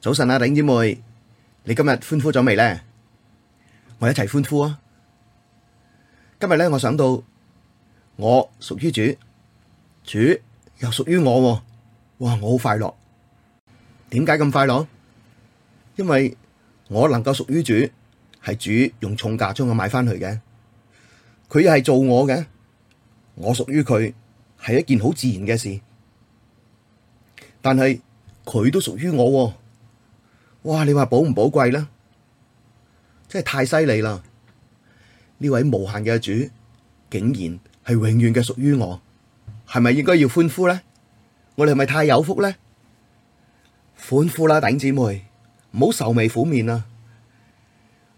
早晨啊，頂姐妹，你今日歡呼咗未咧？我一齊歡呼啊！今日咧，我想到我屬於主，主又屬於我，哇！我好快樂。點解咁快樂？因為我能夠屬於主，係主用重價將我買翻去嘅。佢又係做我嘅，我屬於佢係一件好自然嘅事。但係佢都屬於我。哇！你話寶唔寶貴啦？真係太犀利啦！呢位無限嘅主，竟然係永遠嘅屬於我，係咪應該要歡呼咧？我哋係咪太有福咧？歡呼啦，頂姊妹，唔好愁眉苦面啊！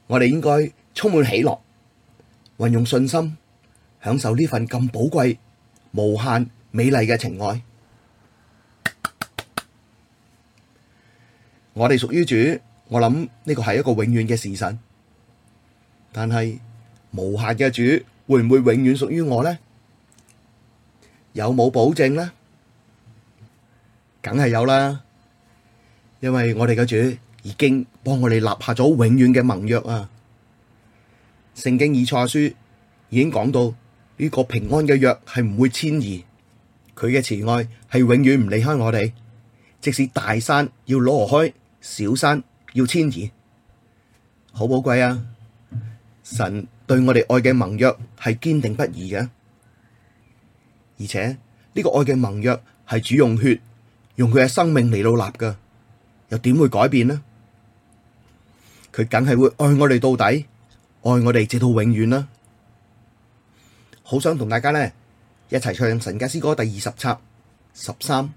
我哋應該充滿喜樂，運用信心，享受呢份咁寶貴、無限美麗嘅情愛。我哋屬於主，我諗呢個係一個永遠嘅事實。但係無限嘅主會唔會永遠屬於我呢？有冇保證呢？梗係有啦，因為我哋嘅主已經幫我哋立下咗永遠嘅盟約啊！聖經以賽亞書已經講到呢個平安嘅約係唔會遷移，佢嘅慈愛係永遠唔離開我哋，即使大山要攞我開。小山要遷移，好寶貴啊！神對我哋愛嘅盟約係堅定不移嘅，而且呢、這個愛嘅盟約係主用血，用佢嘅生命嚟到立嘅，又點會改變呢？佢梗係會愛我哋到底，愛我哋直到永遠啦！好想同大家呢，一齊唱神家詩歌第二十冊十三，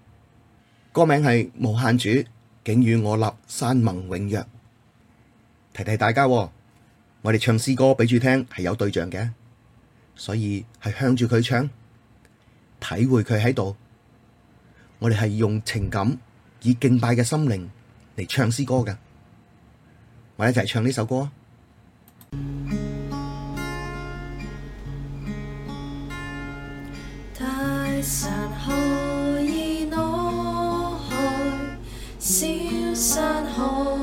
歌名係無限主竟與我立山盟永約，提提大家，我哋唱詩歌畀住聽係有對象嘅，所以係向住佢唱，體會佢喺度，我哋係用情感以敬拜嘅心靈嚟唱詩歌㗎，我哋一齊唱呢首歌。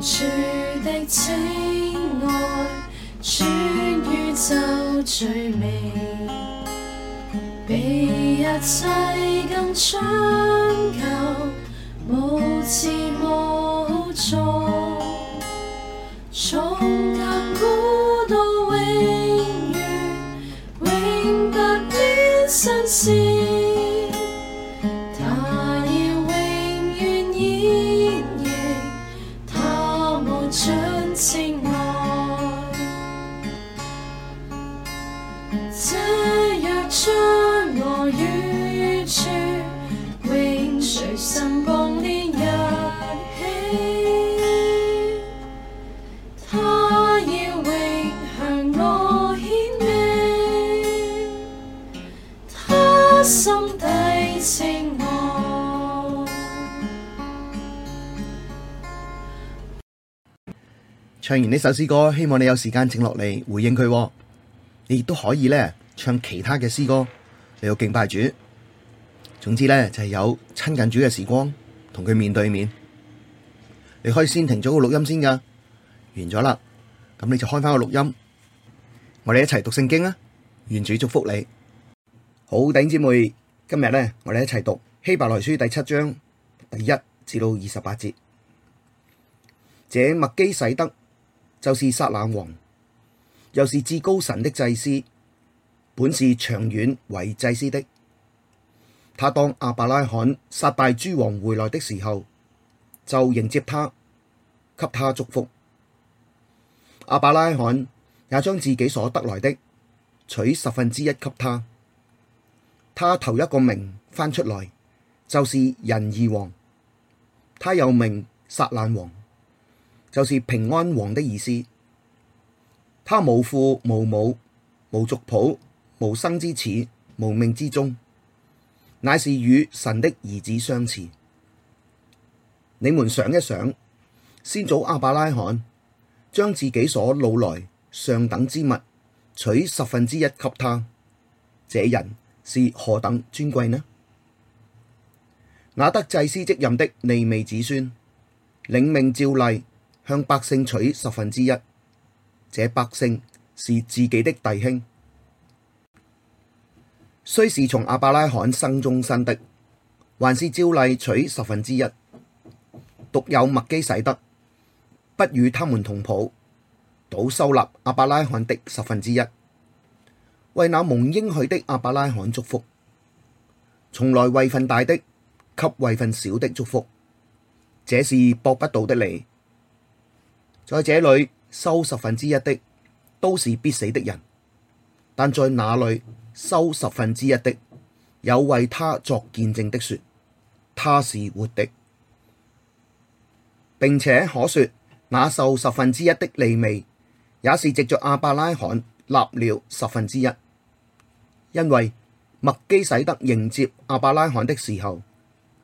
主的情愛，全宇宙最美，比一切更長久，無始。唱完呢首詩歌，希望你有時間靜落嚟回應佢。你亦都可以咧唱其他嘅詩歌嚟要敬拜主。總之咧就係、是、有親近主嘅時光，同佢面對面。你可以先停咗個錄音先噶，完咗啦，咁你就開翻個錄音。我哋一齊讀聖經啊！願主祝福你。好，弟兄姊妹，今日咧我哋一齊讀希伯來書第七章第一至到二十八節。這麥基洗德。就是撒冷王，又是至高神的祭司，本是長遠為祭司的。他當亞伯拉罕殺敗諸王回來的時候，就迎接他，給他祝福。亞伯拉罕也將自己所得來的，取十分之一給他。他頭一個名翻出來就是仁義王，他又名撒冷王。就是平安王的意思。他無父，無母，無族譜，無生之始，無命之終，乃是與神的兒子相似。你們想一想，先祖亞伯拉罕將自己所擄來上等之物取十分之一給他，這人是何等尊貴呢？那得祭司職任的利未子孫領命照例。向百姓取十分之一，這百姓是自己的弟兄，雖是從亞伯拉罕生中生的，還是照例取十分之一，獨有麥基洗德不與他們同譜，倒收納亞伯拉罕的十分之一，為那蒙應許的亞伯拉罕祝福，從來位分大的給位分小的祝福，這是駁不倒的理。在這裏收十分之一的，都是必死的人；但在那裏收十分之一的，有為他作見證的說，他是活的，並且可說，那受十分之一的利未，也是藉着亞伯拉罕納了十分之一，因為麥基洗德迎接亞伯拉罕的時候，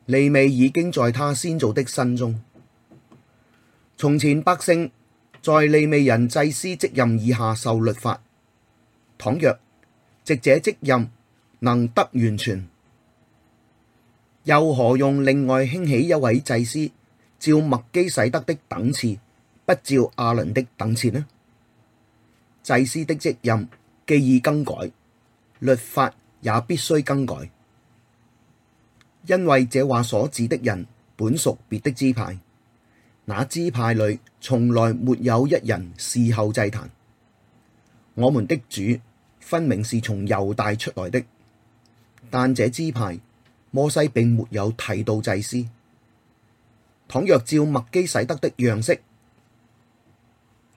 利未已經在他先祖的身中，從前百姓。在利未人祭司職任以下受律法，倘若藉這職任能得完全，又何用另外興起一位祭司，照麥基洗德的等次，不照亞倫的等次呢？祭司的職任既已更改，律法也必須更改，因為這話所指的人本屬別的支派。那支派裡從來沒有一人伺候祭壇。我們的主分明是從猶大出來的，但這支派，摩西並沒有提到祭司。倘若照麥基洗德的樣式，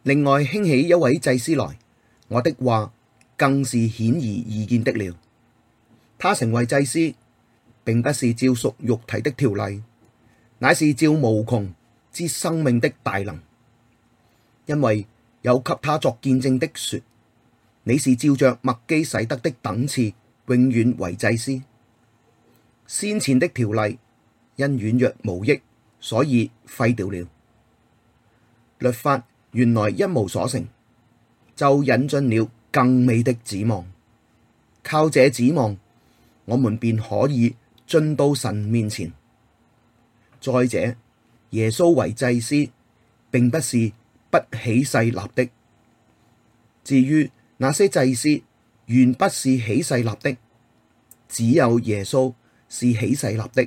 另外興起一位祭司來，我的話更是顯而易見的了。他成為祭司，並不是照屬肉體的條例，乃是照無窮。之生命的大能，因為有給他作見證的說：你是照着麥基洗德的等次，永遠為祭司。先前的條例因軟弱無益，所以廢掉了。律法原來一無所成，就引進了更美的指望。靠這指望，我們便可以進到神面前。再者，耶穌為祭司，並不是不起誓立的。至於那些祭司，原不是起誓立的，只有耶穌是起誓立的。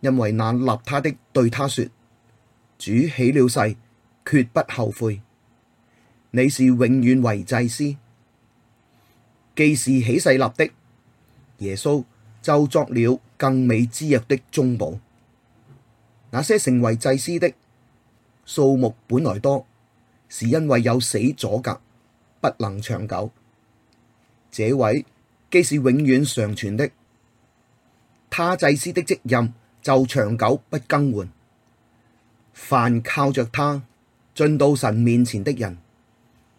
因為那立他的對他說：主起了誓，決不後悔。你是永遠為祭司，既是起誓立的，耶穌就作了更美之約的中保。那些成為祭司的數目本來多，是因為有死阻隔，不能長久。這位既是永遠常存的，他祭司的職任就長久不更換。凡靠着他進到神面前的人，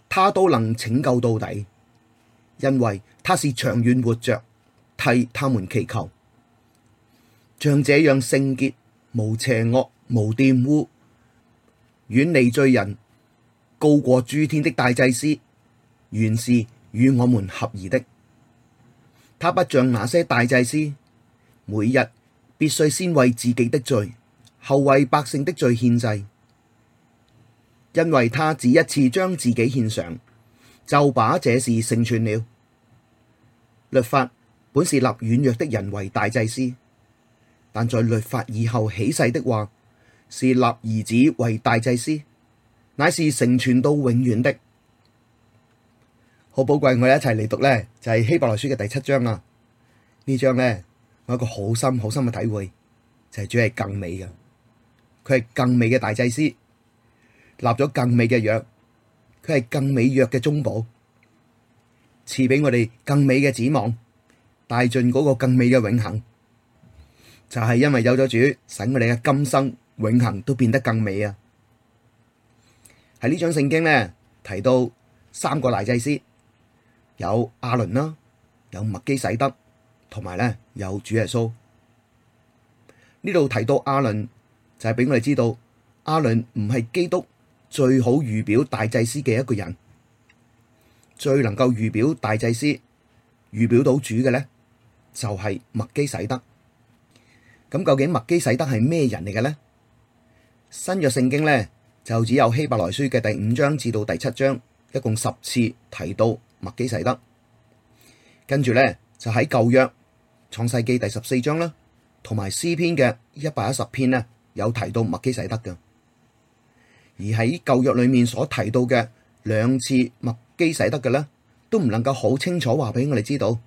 他都能拯救到底，因為他是長遠活着，替他們祈求。像這樣聖潔。無邪惡、無玷污、遠離罪人，高過諸天的大祭司，原是與我們合宜的。他不像那些大祭司，每日必須先為自己的罪，後為百姓的罪獻祭，因為他只一次將自己獻上，就把這事成全了。律法本是立軟弱的人為大祭司。但在律法以後起誓的話，是立兒子為大祭司，乃是成全到永遠的，好寶貴。我哋一齊嚟讀呢，就係、是、希伯來書嘅第七章啦。呢章呢，我有個好深、好深嘅體會，就係、是、主係更美嘅，佢係更美嘅大祭司，立咗更美嘅約，佢係更美約嘅中保，賜俾我哋更美嘅指望，帶進嗰個更美嘅永恒。就係因為有咗主，使我哋嘅今生永恒都變得更美啊！喺呢章聖經咧提到三個大祭司，有阿倫啦，有麥基洗德，同埋咧有主耶穌。呢度提到阿倫就係、是、俾我哋知道，阿倫唔係基督最好預表大祭司嘅一個人，最能夠預表大祭司、預表到主嘅咧就係、是、麥基洗德。咁究竟麥基洗德係咩人嚟嘅呢？新約聖經呢，就只有希伯來書嘅第五章至到第七章，一共十次提到麥基洗德。跟住呢，就喺舊約創世紀第十四章啦，同埋詩篇嘅一百一十篇呢，有提到麥基洗德嘅。而喺舊約裏面所提到嘅兩次麥基洗德嘅呢，都唔能夠好清楚話俾我哋知道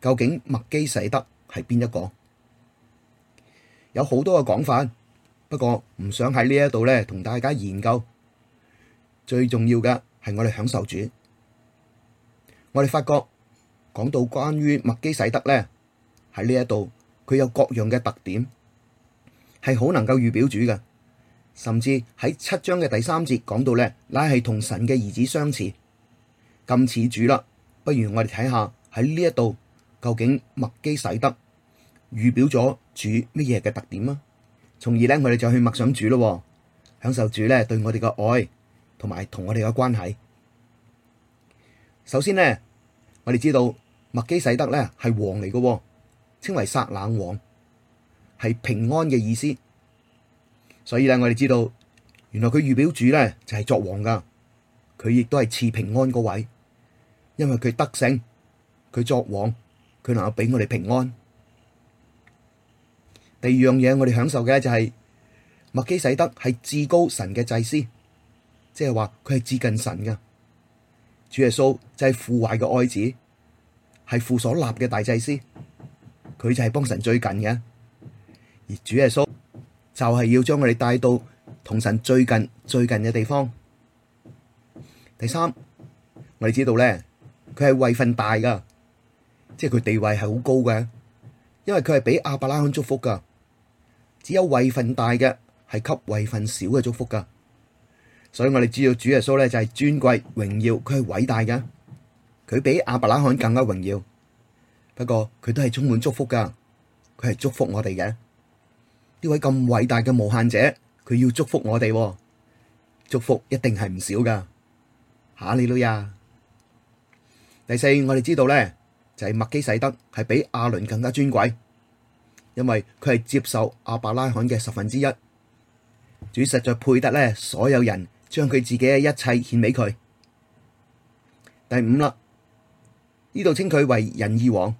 究竟麥基洗德係邊一個。有好多嘅講法，不過唔想喺呢一度咧同大家研究。最重要嘅係我哋享受主。我哋發覺講到關於麥基洗德咧，喺呢一度佢有各樣嘅特點，係好能夠預表主嘅。甚至喺七章嘅第三節講到咧，乃係同神嘅兒子相似，咁似主啦。不如我哋睇下喺呢一度究竟麥基洗德。預表咗主乜嘢嘅特點啊。從而咧，我哋就去默想主咯，享受主咧對我哋嘅愛同埋同我哋嘅關係。首先咧，我哋知道麥基洗德咧係王嚟嘅，稱為撒冷王，係平安嘅意思。所以咧，我哋知道原來佢預表主咧就係作王噶，佢亦都係賜平安個位，因為佢得勝，佢作王，佢能夠俾我哋平安。.第二樣嘢，我哋享受嘅就係、是、麥基洗德係至高神嘅祭司，即係話佢係至近神嘅。主耶穌就係父懷嘅愛子，係父所立嘅大祭司，佢就係幫神最近嘅。而主耶穌就係要將我哋帶到同神最近最近嘅地方。第三，我哋知道咧，佢係位分大噶，即係佢地位係好高嘅，因為佢係俾亞伯拉罕祝福噶。只有位分大嘅係給位分少嘅祝福噶，所以我哋知道主耶穌咧就係尊貴榮耀，佢係偉大嘅，佢比亞伯拉罕更加榮耀。不過佢都係充滿祝福噶，佢係祝福我哋嘅。呢位咁偉大嘅無限者，佢要祝福我哋，祝福一定係唔少噶。哈利路亞！第四我哋知道咧就係麥基洗德係比亞倫更加尊貴。因為佢係接受阿伯拉罕嘅十分之一，主實在配得咧，所有人將佢自己嘅一切獻俾佢。第五啦，呢度稱佢為仁義王，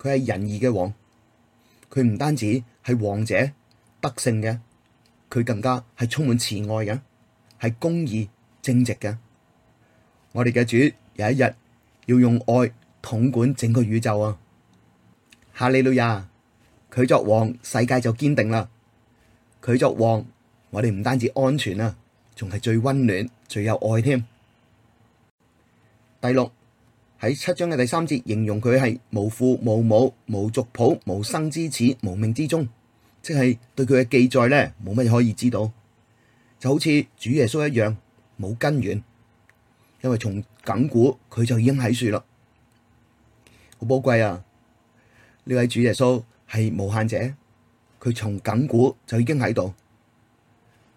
佢係仁義嘅王，佢唔單止係王者德性嘅，佢更加係充滿慈愛嘅，係公義正直嘅。我哋嘅主有一日要用愛統管整個宇宙啊！哈利路亞！佢作王，世界就堅定啦。佢作王，我哋唔單止安全啊，仲係最溫暖、最有愛添。第六，喺七章嘅第三節形容佢係無父無母無族譜無生之始無命之終，即係對佢嘅記載咧冇乜嘢可以知道，就好似主耶穌一樣冇根源，因為從亙古佢就已經喺度啦。好寶貴啊，呢位主耶穌。係無限者，佢從亙古就已經喺度。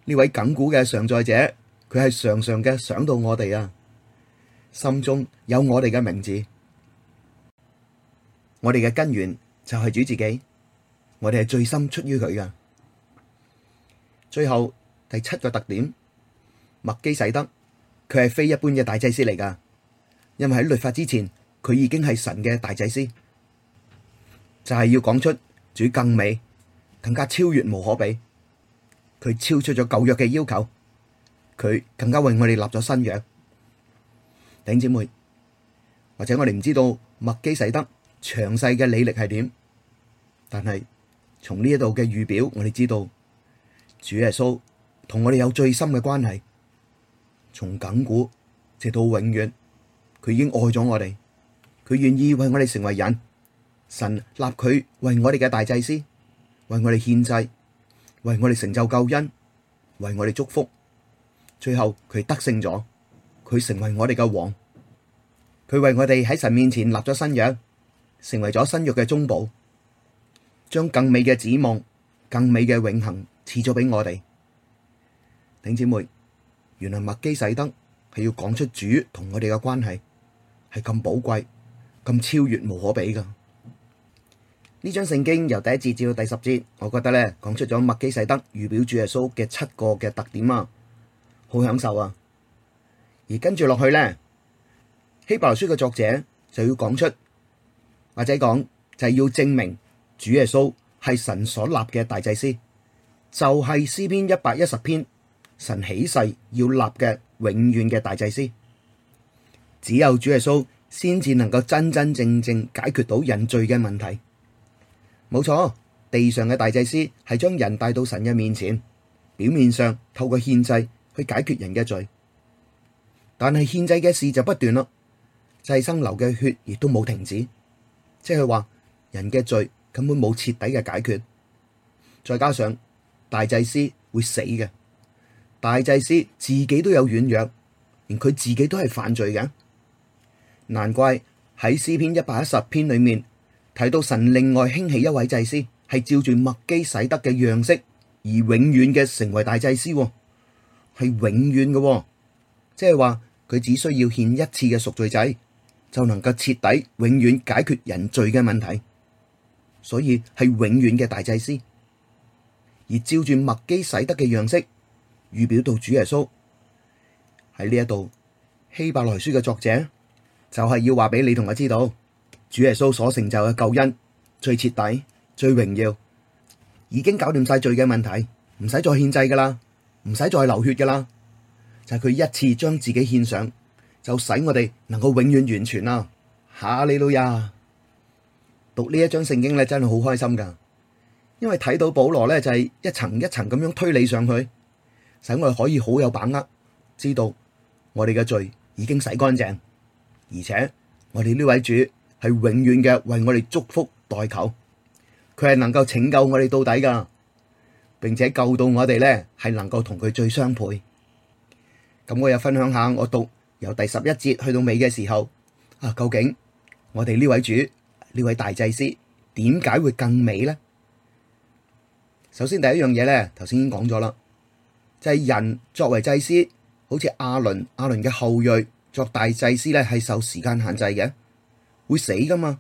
呢位亙古嘅常在者，佢係常常嘅想到我哋啊，心中有我哋嘅名字，我哋嘅根源就係主自己，我哋係最深出於佢噶。最後第七個特點，麥基洗德，佢係非一般嘅大祭司嚟噶，因為喺律法之前，佢已經係神嘅大祭司，就係要講出。主更美，更加超越無可比，佢超出咗舊約嘅要求，佢更加為我哋立咗新約，頂姐妹，或者我哋唔知道麥基洗德詳細嘅履歷係點，但係從呢一度嘅預表，我哋知道主耶穌同我哋有最深嘅關係，從亙古直到永遠，佢已經愛咗我哋，佢願意為我哋成為人。神立佢為我哋嘅大祭司，為我哋獻祭，為我哋成就救恩，為我哋祝福。最後佢得勝咗，佢成為我哋嘅王，佢為我哋喺神面前立咗新約，成為咗新約嘅中保，將更美嘅指望、更美嘅永恒賜咗俾我哋。頂姊妹，原來麥基洗德係要講出主同我哋嘅關係係咁寶貴、咁超越、無可比噶。呢張聖經由第一節至到第十節，我覺得咧講出咗麥基洗德預表主耶穌嘅七個嘅特點啊，好享受啊。而跟住落去咧希伯來書嘅作者就要講出或者講就係、是、要證明主耶穌係神所立嘅大祭司，就係、是、詩篇一百一十篇神起誓要立嘅永遠嘅大祭司，只有主耶穌先至能夠真真正正解決到人罪嘅問題。冇錯，地上嘅大祭司係將人帶到神嘅面前，表面上透過獻祭去解決人嘅罪，但係獻祭嘅事就不斷啦，祭牲流嘅血亦都冇停止，即係話人嘅罪根本冇徹底嘅解決，再加上大祭司會死嘅，大祭司自己都有軟弱，連佢自己都係犯罪嘅，難怪喺詩篇一百一十篇裏面。睇到神另外興起一位祭司，係照住麥基洗德嘅樣式，而永遠嘅成為大祭司，係永遠嘅，即係話佢只需要獻一次嘅贖罪祭，就能夠徹底永遠解決人罪嘅問題，所以係永遠嘅大祭司，而照住麥基洗德嘅樣式，預表到主耶穌。喺呢一度希伯來書嘅作者就係要話俾你同我知道。主耶穌所成就嘅救恩最徹底、最榮耀，已經搞掂晒罪嘅問題，唔使再獻祭噶啦，唔使再流血噶啦，就係佢一次將自己獻上，就使我哋能夠永遠完全啦。哈利路亞！讀呢一章聖經咧，真係好開心噶，因為睇到保羅咧就係一層一層咁樣推理上去，使我哋可以好有把握知道我哋嘅罪已經洗乾淨，而且我哋呢位主。係永遠嘅，為我哋祝福代求，佢係能夠拯救我哋到底噶，並且救到我哋咧，係能夠同佢最相配。咁，我又分享下我讀由第十一節去到尾嘅時候啊，究竟我哋呢位主呢位大祭司點解會更美咧？首先第一樣嘢咧，頭先已經講咗啦，就係、是、人作為祭司，好似亞倫亞倫嘅後裔作大祭司咧，係受時間限制嘅。會死噶嘛？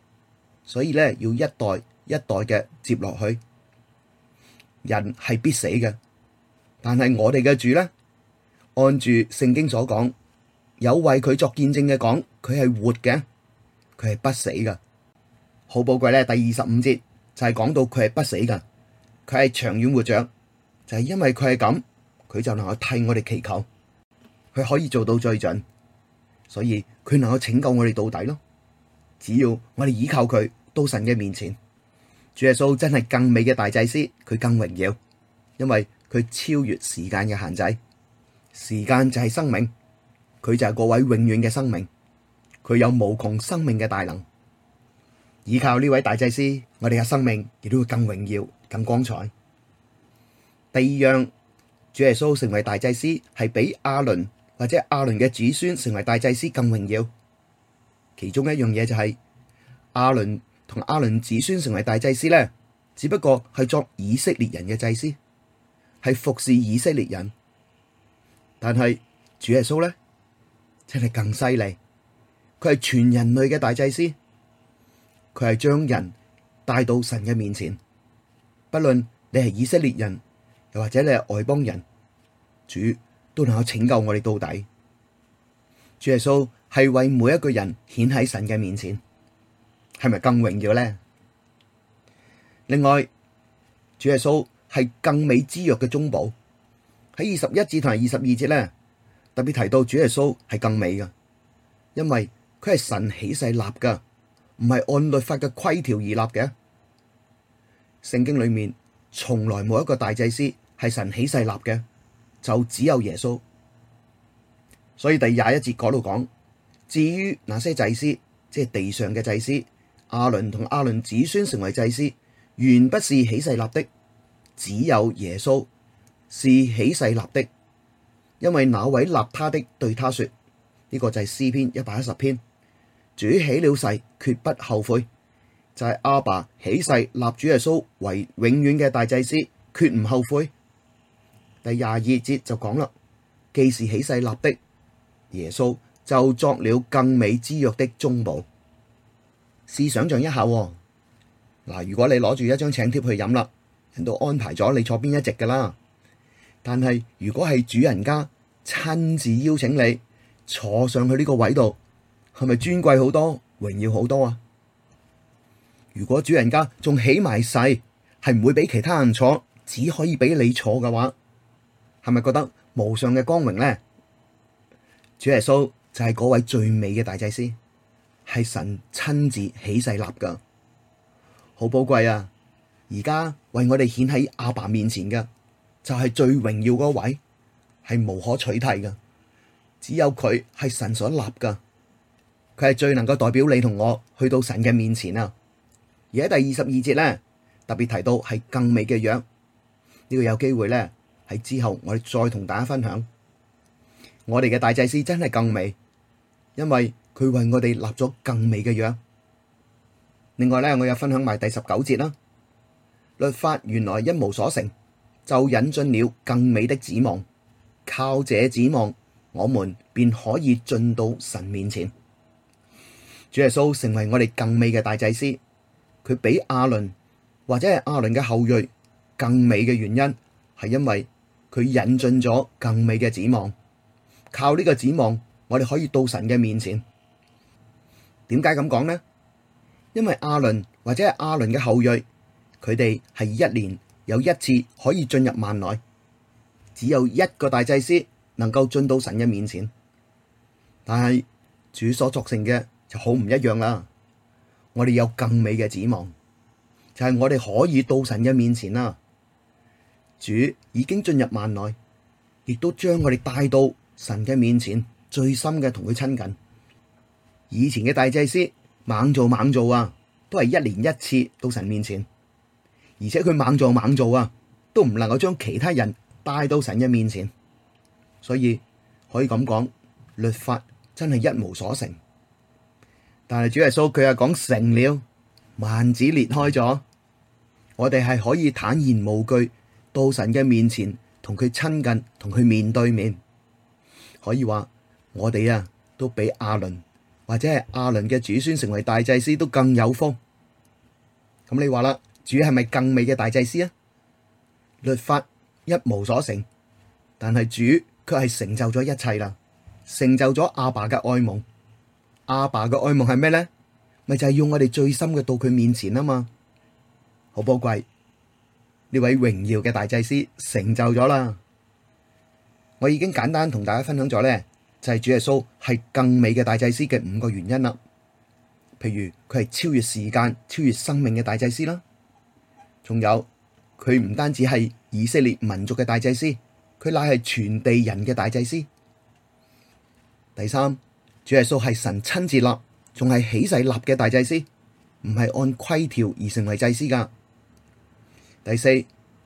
所以咧，要一代一代嘅接落去。人係必死嘅，但係我哋嘅主咧，按住聖經所講，有為佢作見證嘅講，佢係活嘅，佢係不死噶。好寶貴咧，第二十五節就係講到佢係不死噶，佢係長遠活着，就係因為佢係咁，佢就能夠替我哋祈求，佢可以做到最盡，所以佢能夠拯救我哋到底咯。只要我哋依靠佢，到神嘅面前，主耶穌真係更美嘅大祭司，佢更榮耀，因為佢超越時間嘅限制。時間就係生命，佢就係嗰位永遠嘅生命，佢有無窮生命嘅大能。倚靠呢位大祭司，我哋嘅生命亦都會更榮耀、更光彩。第二樣，主耶穌成為大祭司係比亞倫或者亞倫嘅子孫成為大祭司更榮耀。其中一樣嘢就係、是、阿倫同阿倫子孫成為大祭司咧，只不過係作以色列人嘅祭司，係服侍以色列人。但係主耶穌咧，真係更犀利，佢係全人類嘅大祭司，佢係將人帶到神嘅面前。不論你係以色列人，又或者你係外邦人，主都能夠拯救我哋到底。主耶穌。係為每一個人顯喺神嘅面前，係咪更榮耀咧？另外，主耶穌係更美之約嘅中保。喺二十一節同二十二節咧，特別提到主耶穌係更美嘅，因為佢係神起誓立嘅，唔係按律法嘅規條而立嘅。聖經裏面從來冇一個大祭司係神起誓立嘅，就只有耶穌。所以第廿一節嗰度講。至於那些祭司，即係地上嘅祭司，阿倫同阿倫子孫成為祭司，原不是起誓立的，只有耶穌是起誓立的，因為那位立他的對他說：呢、這個就係詩篇一百一十篇，主起了誓，絕不後悔。就係、是、阿爸起誓立主耶穌為永遠嘅大祭司，決唔後悔。第廿二節就講啦，既是起誓立的耶穌。就作了更美之約的中保。試想象一下，嗱，如果你攞住一張請帖去飲啦，人都安排咗你坐邊一席噶啦。但係如果係主人家親自邀請你坐上去呢個位度，係咪尊貴好多、榮耀好多啊？如果主人家仲起埋勢，係唔會俾其他人坐，只可以俾你坐嘅話，係咪覺得無上嘅光榮呢？主耶穌就係嗰位最美嘅大祭司，係神親自起誓立噶，好寶貴啊！而家為我哋顯喺阿爸面前嘅，就係、是、最榮耀嗰位，係無可取替噶。只有佢係神所立噶，佢係最能夠代表你同我去到神嘅面前啊！而喺第二十二節咧，特別提到係更美嘅約，呢、這個有機會咧喺之後我哋再同大家分享，我哋嘅大祭司真係更美。因為佢為我哋立咗更美嘅約。另外咧，我又分享埋第十九節啦。律法原來一無所成，就引進了更美的指望。靠這指望，我們便可以進到神面前。主耶穌成為我哋更美嘅大祭司。佢比亞倫或者係亞倫嘅後裔更美嘅原因，係因為佢引進咗更美嘅指望。靠呢個指望。我哋可以到神嘅面前，點解咁講呢？因為亞倫或者係亞倫嘅後裔，佢哋係一年有一次可以進入幔內，只有一個大祭司能夠進到神嘅面前。但係主所作成嘅就好唔一樣啦。我哋有更美嘅指望，就係、是、我哋可以到神嘅面前啦。主已經進入幔內，亦都將我哋帶到神嘅面前。最深嘅同佢親近，以前嘅大祭司猛做猛做啊，都係一年一次到神面前，而且佢猛做猛做啊，都唔能夠將其他人帶到神嘅面前，所以可以咁講，律法真係一無所成。但係主耶穌佢係講成了，幔子裂開咗，我哋係可以坦然無懼到神嘅面前，同佢親近，同佢面對面，可以話。我哋啊，都比亞倫或者係亞倫嘅子孫成為大祭司都更有福。咁、嗯、你話啦，主係咪更美嘅大祭司啊？律法一無所成，但係主卻係成就咗一切啦，成就咗阿爸嘅愛夢。阿爸嘅愛夢係咩咧？咪就係、是、用我哋最深嘅到佢面前啊嘛，好寶貴。呢位榮耀嘅大祭司成就咗啦。我已經簡單同大家分享咗咧。就係主耶穌係更美嘅大祭司嘅五個原因啦。譬如佢係超越時間、超越生命嘅大祭司啦，仲有佢唔單止係以色列民族嘅大祭司，佢乃係全地人嘅大祭司。第三，主耶穌係神親自立，仲係起誓立嘅大祭司，唔係按規條而成為祭司噶。第四，佢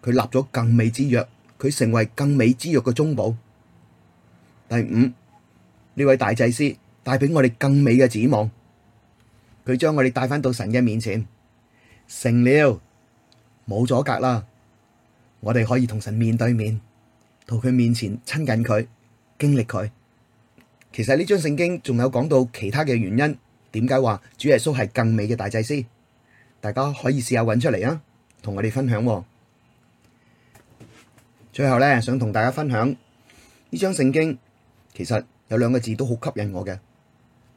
立咗更美之約，佢成為更美之約嘅中保。第五。呢位大祭司帶俾我哋更美嘅指望，佢將我哋帶翻到神嘅面前，成了，冇阻隔啦，我哋可以同神面對面，同佢面前親近佢，經歷佢。其實呢張聖經仲有講到其他嘅原因，點解話主耶穌係更美嘅大祭司？大家可以試下搵出嚟啊，同我哋分享。最後咧，想同大家分享呢張聖經，其實。有兩個字都好吸引我嘅，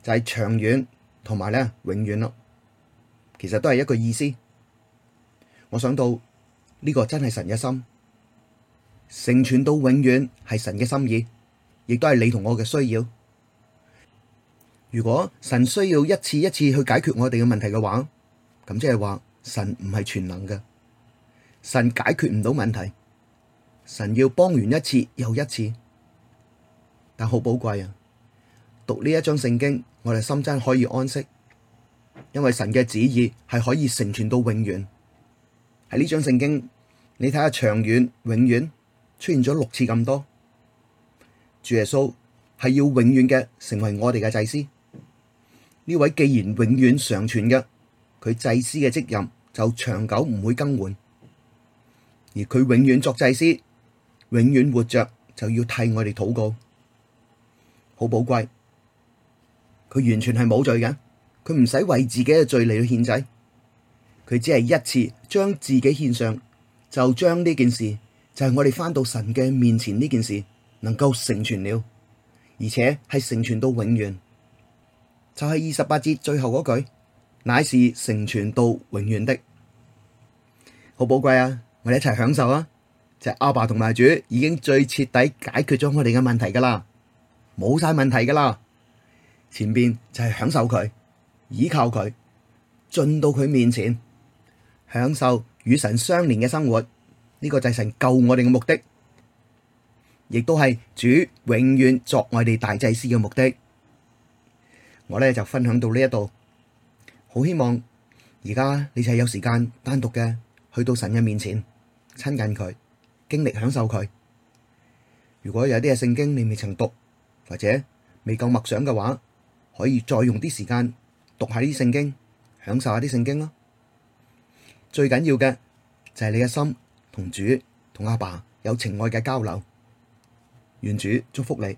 就係、是、長遠同埋咧永遠啦，其實都係一個意思。我想到呢、這個真係神嘅心，成全到永遠係神嘅心意，亦都係你同我嘅需要。如果神需要一次一次去解決我哋嘅問題嘅話，咁即係話神唔係全能嘅，神解決唔到問題，神要幫完一次又一次。但好寶貴啊！讀呢一章聖經，我哋心真可以安息，因為神嘅旨意係可以成全到永遠。喺呢章聖經，你睇下長遠、永遠出現咗六次咁多。主耶穌係要永遠嘅成為我哋嘅祭司。呢位既然永遠常存嘅，佢祭司嘅職任就長久唔會更換，而佢永遠作祭司，永遠活着就要替我哋禱告。好寶貴，佢完全係冇罪嘅，佢唔使為自己嘅罪嚟到獻祭，佢只係一次將自己獻上，就將呢件事就係、是、我哋返到神嘅面前呢件事能夠成全了，而且係成全到永遠，就係二十八節最後嗰句，乃是成全到永遠、就是、的，好寶貴啊！我哋一齊享受啊！就阿、是、爸同埋主已經最徹底解決咗我哋嘅問題噶啦。冇晒問題噶啦，前邊就係享受佢，依靠佢，進到佢面前，享受與神相連嘅生活。呢、這個就係神救我哋嘅目的，亦都係主永遠作我哋大祭司嘅目的。我咧就分享到呢一度，好希望而家你就係有時間單獨嘅去到神嘅面前，親近佢，經歷享受佢。如果有啲嘅聖經你未曾讀。或者未夠默想嘅話，可以再用啲時間讀下啲聖經，享受下啲聖經咯。最緊要嘅就係你嘅心同主同阿爸有情愛嘅交流。願主祝福你。